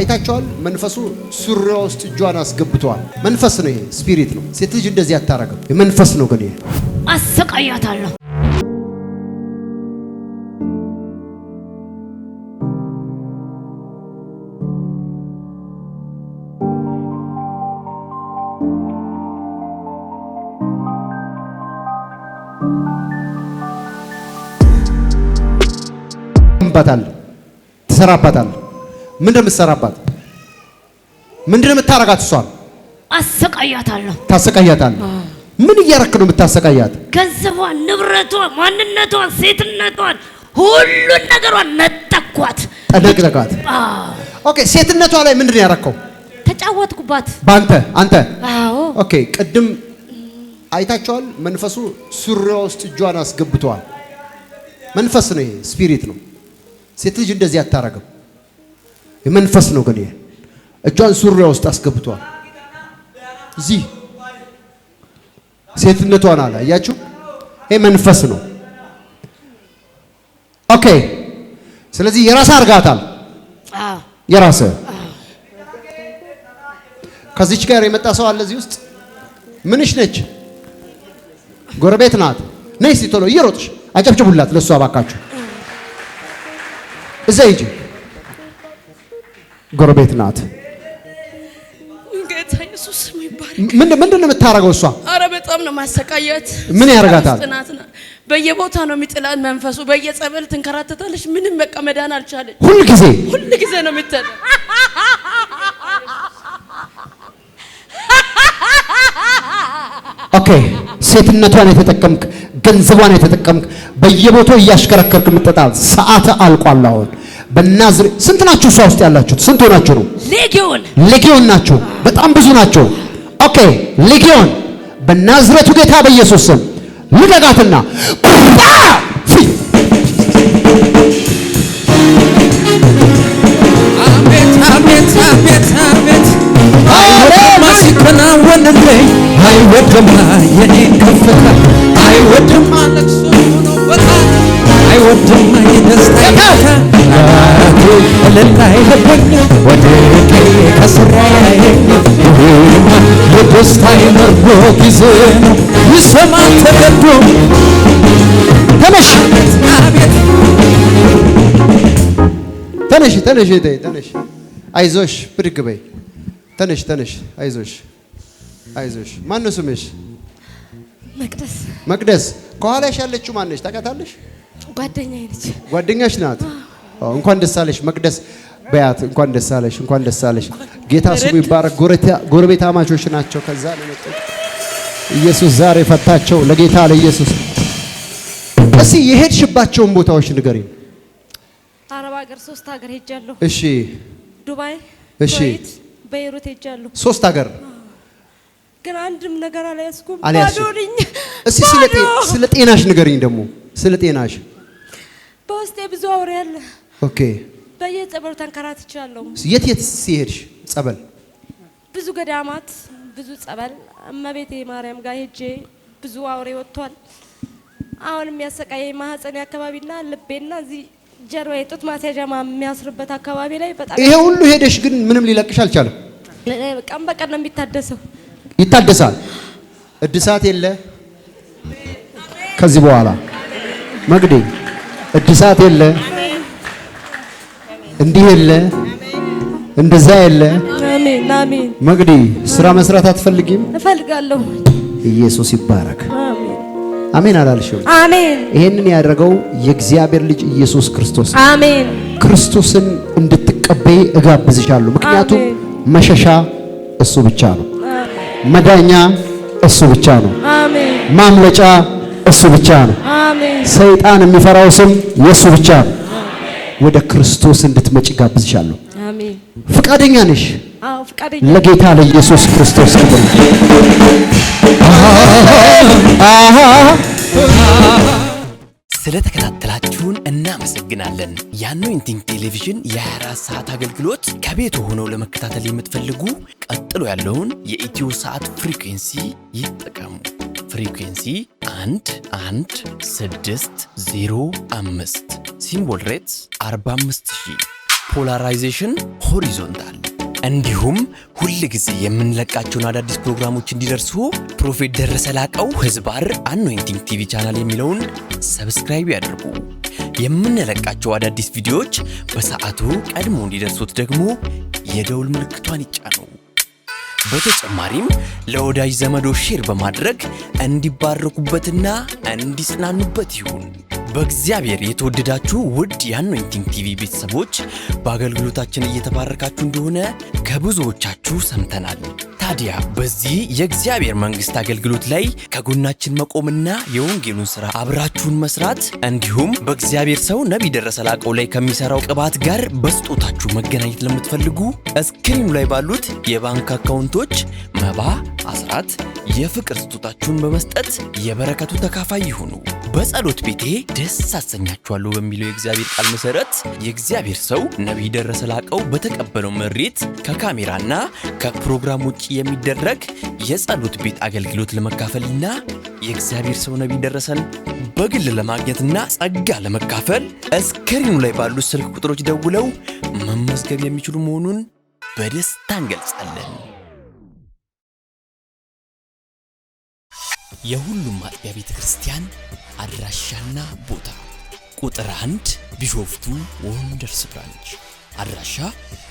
አይታቸዋል። መንፈሱ ሱሪዋ ውስጥ እጇን አስገብተዋል። መንፈስ ነው፣ ይሄ ስፒሪት ነው። ሴት ልጅ እንደዚህ አታረገም፣ የመንፈስ ነው። ግን ይሄ አሰቃያታለሁ። ትሰራባታል፣ ትሰራባታል ምን እንደምትሰራባት ምንድን ነው የምታረጋት? እሷን አሰቃያታለሁ። ታሰቃያታለሁ። ምን እያረክ ነው የምታሰቃያት? ገንዘቧን፣ ንብረቷን፣ ማንነቷን፣ ሴትነቷን፣ ሁሉን ነገሯን ነጠኳት፣ ጠነቅነቃት። ኦኬ፣ ሴትነቷ ላይ ምንድን ያረከው? ተጫወትኩባት። ባንተ አንተ። ኦኬ፣ ቅድም አይታቸዋል። መንፈሱ ሱሪዋ ውስጥ እጇን አስገብቷል። መንፈስ ነው ይሄ፣ ስፒሪት ነው። ሴት ልጅ እንደዚህ አታረግም። የመንፈስ ነው ግን እጇን ሱሪያ ውስጥ አስገብቷል። እዚህ ሴትነቷን አለ አያችሁ፣ ይሄ መንፈስ ነው። ኦኬ፣ ስለዚህ የራስ አርጋታል። የራስ ከዚች ጋር የመጣ ሰው አለ እዚህ ውስጥ ምንሽ ነች? ጎረቤት ናት። ነይ እስኪ ቶሎ እየሮጥሽ አጨብጭቡላት ለእሷ እዛ ይጂ ጎረቤት ናት። ምንድን ነው የምታደርገው እሷ? አረ በጣም ነው ማሰቃየት ምን ያደርጋታል? በየቦታ ነው የሚጥላት መንፈሱ። በየጸበል ትንከራተታለች። ምንም በቃ መዳን አልቻለች። ሁል ጊዜ ሁል ጊዜ ነው የምትል ኦኬ፣ ሴትነቷን የተጠቀምክ ገንዘቧን የተጠቀምክ በየቦታው እያሽከረከርክ የምትጠጣ ሰዓት አልቋል አሁን በናዝሬት ስንት ናችሁ? እሷ ውስጥ ያላችሁት ስንት ሆናችሁ ነው? ሌጊዮን ሌጊዮን ናችሁ። በጣም ብዙ ናችሁ። ኦኬ ሌጊዮን በናዝሬቱ ጌታ በኢየሱስ ስም ልቀቃትና ሲከናወንልኝ አይወድም የኔ ከፍታ አይወድም አለቅሶ አምላኬ እልልታዬ ነበኝ ወድቄ ከስራዬ ይሁንማ የደስታዬ መርዶ ጊዜ ነው ይሰማል ተገዶ ተነሽ አቤት ተነሽ ተነሽ ተነሽ አይዞሽ ብድግ በይ ተነሽ ተነሽ አይዞሽ አይዞሽ ማን ስምሽ መቅደስ መቅደስ ከኋላሽ ያለችው ማነች ታውቃታለሽ ጓደኛዬ ነች ጓደኛሽ ናት እንኳን ደስ አለሽ መቅደስ በያት። እንኳን ደስ አለሽ፣ እንኳን ደስ አለሽ። ጌታ ስሙ ይባረክ። ጎረቤታማቾች ናቸው። ከዛ ነው ኢየሱስ ዛሬ ፈታቸው። ለጌታ ለኢየሱስ እሺ፣ የሄድሽባቸውን ቦታዎች ንገሪ። አረብ ሀገር ሶስት ሀገር ሄጃለሁ። እሺ፣ ዱባይ፣ እሺ፣ በይሩት ሄጃለሁ። ሶስት ሀገር ግን አንድም ነገር አልያዝኩም። ባዶ እሺ፣ እስኪ ስለ ጤናሽ ንገሪኝ ደግሞ ስለ ጤናሽ። በውስጤ ብዙ አውሬ አለ ኦኬ። በየጸበሉ ተንከራትቻለሁ። የት የት ሲሄድሽ ጸበል? ብዙ ገዳማት፣ ብዙ ጸበል፣ እመቤቴ ማርያም ጋር ሄጄ ብዙ አውሬ ወጥቷል። አሁን የሚያሰቃየኝ ማህፀኔ አካባቢና ልቤና እዚህ ጀርባ የጡት ማስያዣ የሚያስርበት አካባቢ ላይ በጣም ይሄ ሁሉ ሄደሽ ግን ምንም ሊለቅሽ አልቻለም። ቀን በቀን ነው የሚታደሰው። ይታደሳል። እድሳት የለ ከዚህ በኋላ መግዴ እድሳት የለ እንዲህ የለ እንደዛ የለ። መቅዲ ስራ መስራት አትፈልጊም? እፈልጋለሁ። ኢየሱስ ይባረክ። አሜን አላልሽም? አሜን። ይሄንን ያደረገው የእግዚአብሔር ልጅ ኢየሱስ ክርስቶስ። አሜን። ክርስቶስን እንድትቀበይ እጋብዝሻለሁ። ምክንያቱም መሸሻ እሱ ብቻ ነው። መዳኛ እሱ ብቻ ነው። ማምለጫ እሱ ብቻ ነው። ሰይጣን የሚፈራው ስም የእሱ ብቻ ነው። ወደ ክርስቶስ እንድትመጪ ጋብዝሻለሁ። ፍቃደኛ ነሽ? ለጌታ ለኢየሱስ ክርስቶስ ክብር። ስለተከታተላችሁን እናመሰግናለን። የአኖይንቲንግ ቴሌቪዥን የ24 ሰዓት አገልግሎት ከቤት ሆነው ለመከታተል የምትፈልጉ ቀጥሎ ያለውን የኢትዮ ሰዓት ፍሪኩንሲ ይጠቀሙ። ፍሪኩንሲ 1 1 6 0 5 ሲምቦል ሬትስ 45000፣ ፖላራይዜሽን ሆሪዞንታል። እንዲሁም ሁል ጊዜ የምንለቃቸውን አዳዲስ ፕሮግራሞች እንዲደርሱ ፕሮፌት ደረሰ ላቀው ህዝባር አኖይንቲንግ ቲቪ ቻናል የሚለውን ሰብስክራይብ ያድርጉ። የምንለቃቸው አዳዲስ ቪዲዮዎች በሰዓቱ ቀድሞ እንዲደርሱት ደግሞ የደውል ምልክቷን ይጫኑ። በተጨማሪም ለወዳጅ ዘመዶ ሼር በማድረግ እንዲባረኩበትና እንዲጽናኑበት ይሁን። በእግዚአብሔር የተወደዳችሁ ውድ የአኖይንቲንግ ቲቪ ቤተሰቦች በአገልግሎታችን እየተባረካችሁ እንደሆነ ከብዙዎቻችሁ ሰምተናል። ታዲያ በዚህ የእግዚአብሔር መንግሥት አገልግሎት ላይ ከጎናችን መቆምና የወንጌሉን ሥራ አብራችሁን መስራት እንዲሁም በእግዚአብሔር ሰው ነቢይ ደረሰ ላቀው ላይ ከሚሠራው ቅባት ጋር በስጦታችሁ መገናኘት ለምትፈልጉ እስክሪኑ ላይ ባሉት የባንክ አካውንቶች መባ፣ አስራት፣ የፍቅር ስጦታችሁን በመስጠት የበረከቱ ተካፋይ ይሁኑ። በጸሎት ቤቴ ደስ አሰኛችኋለሁ በሚለው የእግዚአብሔር ቃል መሠረት የእግዚአብሔር ሰው ነቢይ ደረሰ ላቀው በተቀበለው መሬት ከካሜራና ከፕሮግራም ውጭ የሚደረግ የጸሎት ቤት አገልግሎት ለመካፈልና የእግዚአብሔር ሰው ነቢይ ደረሰን በግል ለማግኘትና ጸጋ ለመካፈል እስክሪኑ ላይ ባሉት ስልክ ቁጥሮች ደውለው መመዝገብ የሚችሉ መሆኑን በደስታ እንገልጻለን። የሁሉም ማጥቢያ ቤተ ክርስቲያን አድራሻና ቦታ ቁጥር አንድ ቢሾፍቱ ወንደርስ ብራንች አድራሻ